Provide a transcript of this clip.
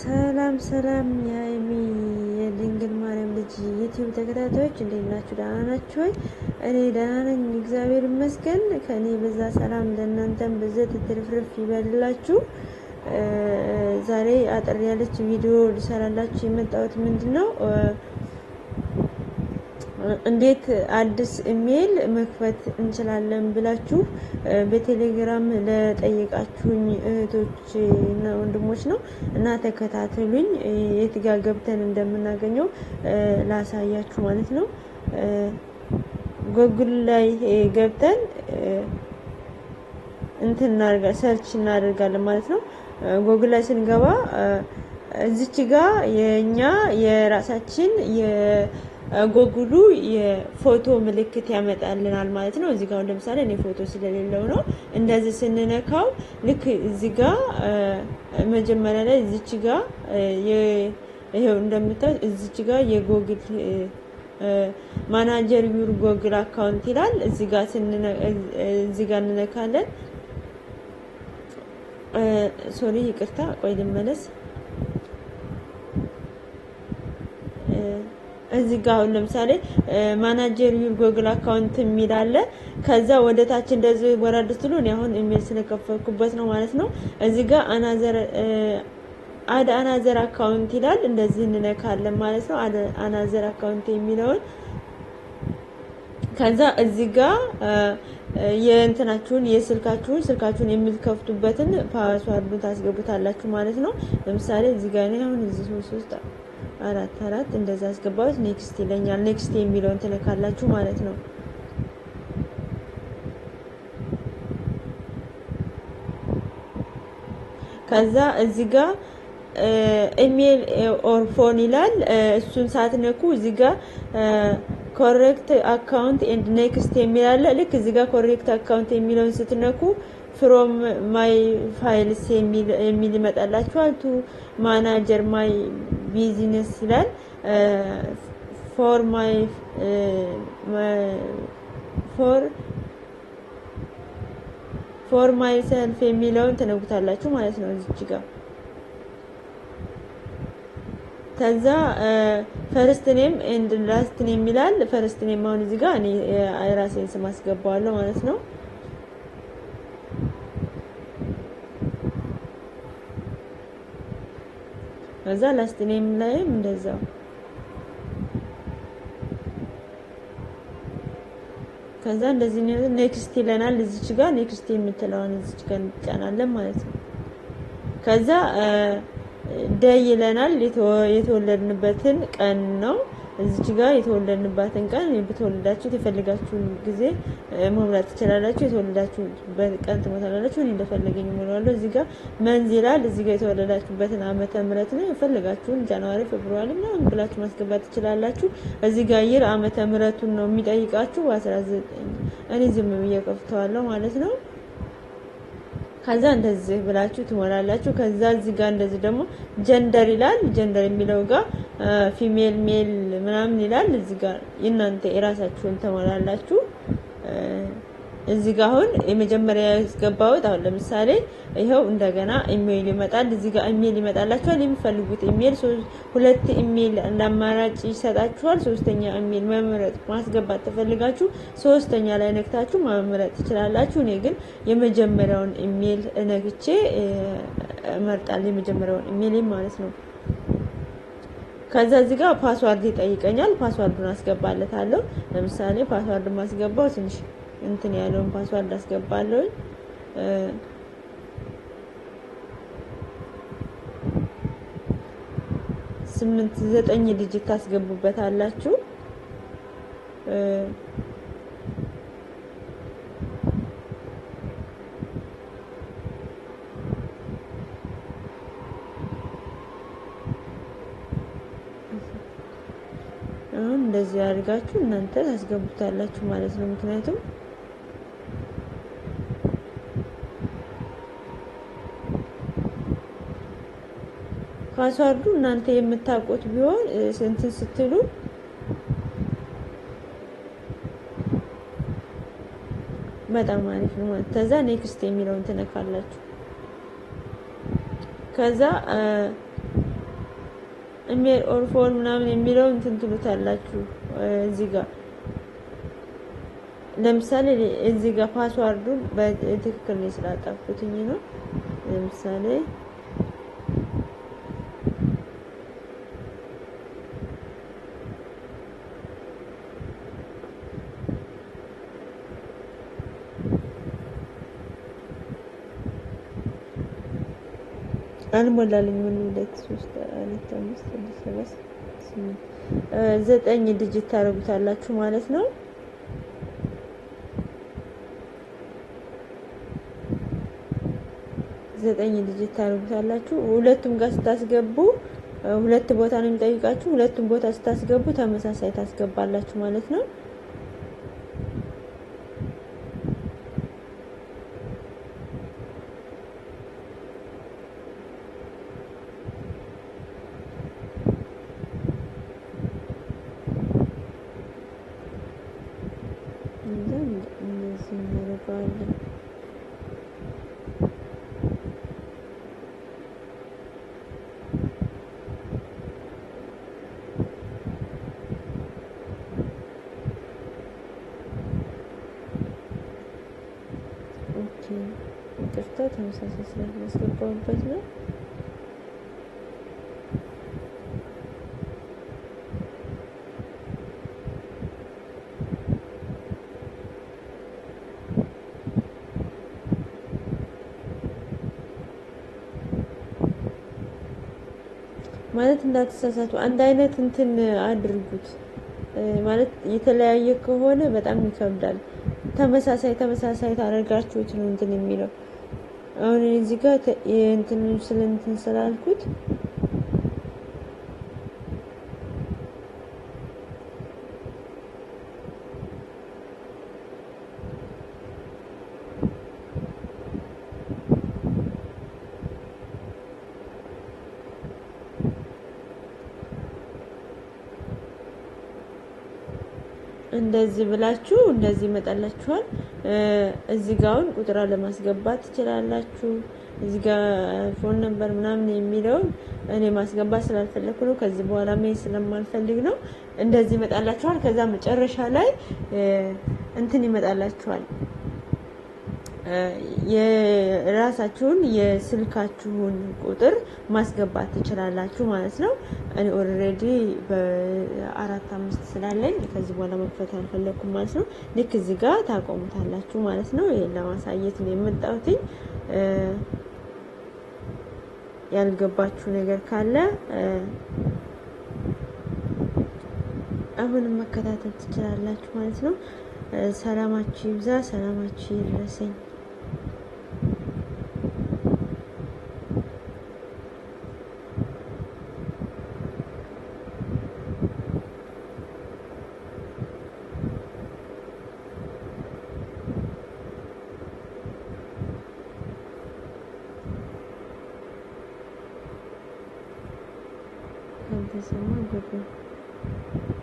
ሰላም ሰላም የሀይሚ የድንግል ማርያም ልጅ ዩቲዩብ ተከታታዮች እንዴት ናችሁ? ደህና ናችሁ ወይ? እኔ ደህና ነኝ፣ እግዚአብሔር ይመስገን። ከእኔ በዛ ሰላም ለእናንተም ብዘት ትርፍርፍ ይበልላችሁ። ዛሬ አጠር ያለች ቪዲዮ ልሰራላችሁ የመጣሁት ምንድን ነው እንዴት አዲስ ኢሜይል መክፈት እንችላለን ብላችሁ በቴሌግራም ለጠየቃችሁኝ እህቶች እና ወንድሞች ነው እና ተከታተሉኝ። የት ጋር ገብተን እንደምናገኘው ላሳያችሁ ማለት ነው። ጎግል ላይ ገብተን እንትን ሰርች እናደርጋለን ማለት ነው። ጎግል ላይ ስንገባ እዚች ጋ የእኛ የራሳችን ጎግሉ የፎቶ ምልክት ያመጣልናል ማለት ነው። እዚህ ጋር ለምሳሌ እኔ ፎቶ ስለሌለው ነው። እንደዚህ ስንነካው ልክ እዚህ ጋር መጀመሪያ ላይ እዚች ጋር ይሄው እንደምታዩት እዚች ጋር የጎግል ማናጀር ዩር ጎግል አካውንት ይላል። እዚህ ጋር እንነካለን። ሶሪ ይቅርታ፣ ቆይ ልመለስ። እዚህ ጋር አሁን ለምሳሌ ማናጀር ዩር ጎግል አካውንት የሚል አለ። ከዛ ወደ ታች እንደዚህ ወረድ ስትሉ እኔ አሁን ኢሜል ስለከፈልኩበት ነው ማለት ነው። እዚህ ጋር አናዘር አድ አናዘር አካውንት ይላል። እንደዚህ እንነካለን ማለት ነው። አድ አናዘር አካውንት የሚለውን ከዛ እዚህ ጋር የእንትናችሁን የስልካችሁን ስልካችሁን የምትከፍቱበትን ፓስዋርዱን ታስገቡታላችሁ ማለት ነው። ለምሳሌ እዚህ ጋር ነው አሁን እዚህ ሶስት አራት አራት እንደዛ አስገባሁት። ኔክስት ይለኛል። ኔክስት የሚለውን ትልካላችሁ ማለት ነው። ከዛ እዚህ ጋር ኢሜል ኦር ፎን ይላል። እሱን ሳትነኩ እዚህ ጋር ኮሬክት አካውንት ኤንድ ኔክስት የሚላለ ልክ እዚህ ጋር ኮሬክት አካውንት የሚለውን ስትነኩ ፍሮም ማይ ፋይልስ የሚል ይመጣላችኋል ቱ ማናጀር ማይ ቢዝነስ ይላል። ፎር ማይ ፎር ፎር ማይ ሰልፍ የሚለውን ትነጉታላችሁ ማለት ነው እዚች ጋር ከዛ ፈርስት ኔም ኤንድ ላስት ኔም ይላል። ፈርስት ኔም አሁን እዚህ ጋር እኔ uh, ራሴን ስም አስገባዋለሁ ማለት ነው። ከዛ ላስት ኔም ላይም እንደዛው ከዛ እንደዚህ ነው። ኔክስት ይለናል። እዚች ጋር ኔክስት የምትለዋን እዚች ጋር እንጫናለን ማለት ነው። ከዛ ደይ ይለናል የተወለድንበትን ቀን ነው። እዚች ጋር የተወለድንባትን ቀን በተወለዳችሁት የፈለጋችሁን ጊዜ መብላት ትችላላችሁ። የተወለዳችሁበት ቀን ትሞታላችሁ። እኔ እንደፈለገኝ እሞላለሁ። እዚህ ጋር መንዝ ይላል። እዚህ ጋር የተወለዳችሁበትን አመተ ምረት ነው የፈለጋችሁን ጃንዋሪ፣ ፌብሩዋሪ ምናምን ብላችሁ ማስገባት ትችላላችሁ። እዚህ ጋር ይር አመተ ምረቱን ነው የሚጠይቃችሁ። አስራ ዘጠኝ እኔ ዝም ብዬ ከፍተዋለሁ ማለት ነው። ከዛ እንደዚህ ብላችሁ ትሞላላችሁ። ከዛ እዚህ ጋር እንደዚህ ደግሞ ጀንደር ይላል። ጀንደር የሚለው ጋር ፊሜል ሜል ምናምን ይላል። እዚህ ጋር እናንተ የራሳችሁን ትሞላላችሁ። እዚህ ጋር አሁን የመጀመሪያ ያስገባሁት አሁን ለምሳሌ ይኸው እንደገና ኢሜይል ይመጣል። እዚህ ጋር ኢሜይል ይመጣላችኋል። የሚፈልጉት ኢሜይል ሁለት ኢሜይል እንደ አማራጭ ይሰጣችኋል። ሶስተኛ ኢሜይል መምረጥ ማስገባት ተፈልጋችሁ ሶስተኛ ላይ ነክታችሁ መምረጥ ትችላላችሁ። እኔ ግን የመጀመሪያውን ኢሜይል ነግቼ እመርጣለሁ። የመጀመሪያውን ኢሜይል ማለት ነው። ከዛ እዚህ ጋር ፓስዋርድ ይጠይቀኛል። ፓስዋርዱን አስገባለታለሁ። ለምሳሌ ፓስዋርድ ማስገባው ትንሽ እንትን ያለውን ፓስዋርድ አስገባለሁ። ስምንት ዘጠኝ ዲጂት ታስገቡበታላችሁ። እንደዚህ አድርጋችሁ እናንተ ታስገቡታላችሁ ማለት ነው ምክንያቱም ፓስዋርዱ እናንተ የምታውቁት ቢሆን ስንትን ስትሉ በጣም አሪፍ ነው ከዛ ኔክስት የሚለውን ትነካላችሁ። ከዛ ኢሜል ኦር ፎርም ምናምን የሚለውን እንትን ትሉታላችሁ እዚህ ጋር ለምሳሌ እዚህ ጋር ፓስዋርዱን በትክክል ነው ስላጠፉትኝ ነው። ለምሳሌ አልሞላልኝ ምን ሁለት ሶስት አራት አምስት ስድስት ሰባት ስምንት ዘጠኝ ድጅት ታደርጉታላችሁ ማለት ነው። ዘጠኝ ድጅት ታደርጉታላችሁ። ሁለቱም ጋር ስታስገቡ ሁለት ቦታ ነው የሚጠይቃችሁ። ሁለቱም ቦታ ስታስገቡ ተመሳሳይ ታስገባላችሁ ማለት ነው። Neden resimleri böyle? Окей. Это что там со сосредоточено? ማለት እንዳትሳሳቱ አንድ አይነት እንትን አድርጉት። ማለት የተለያየ ከሆነ በጣም ይከብዳል። ተመሳሳይ ተመሳሳይ ታደርጋችሁት ነው እንትን የሚለው አሁን እዚህ ጋር የእንትን ስለ እንትን ስላልኩት እንደዚህ ብላችሁ እንደዚህ ይመጣላችኋል። እዚህ ጋውን ቁጥራ ለማስገባት ትችላላችሁ። እዚህ ጋር ፎን ነበር ምናምን የሚለውን እኔ ማስገባት ስላልፈለግኩ ነው። ከዚህ በኋላ መሄድ ስለማልፈልግ ነው። እንደዚህ ይመጣላችኋል። ከዛ መጨረሻ ላይ እንትን ይመጣላችኋል የራሳችሁን የስልካችሁን ቁጥር ማስገባት ትችላላችሁ ማለት ነው። እኔ ኦልሬዲ በአራት አምስት ስላለኝ ከዚህ በኋላ መክፈት አልፈለግኩም ማለት ነው። ልክ እዚህ ጋር ታቆሙታላችሁ ማለት ነው። ይህን ለማሳየት ነው የመጣሁትኝ። ያልገባችሁ ነገር ካለ አሁንም መከታተል ትችላላችሁ ማለት ነው። ሰላማችሁ ይብዛ፣ ሰላማችሁ ይድረሰኝ። ты сама дура